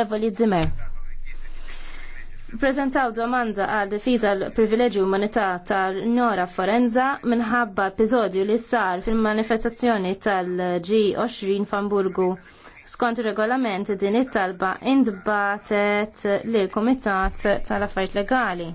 l-Onorevoli Zimmer. Prezentaw domanda għal difiża l privileġju umanità tal-Nora Forenza minħabba episodju li sar fil-manifestazzjoni tal-G20 f'Amburgu. Skont regolament din it-talba indbatet li kumitat tal-affarijiet legali.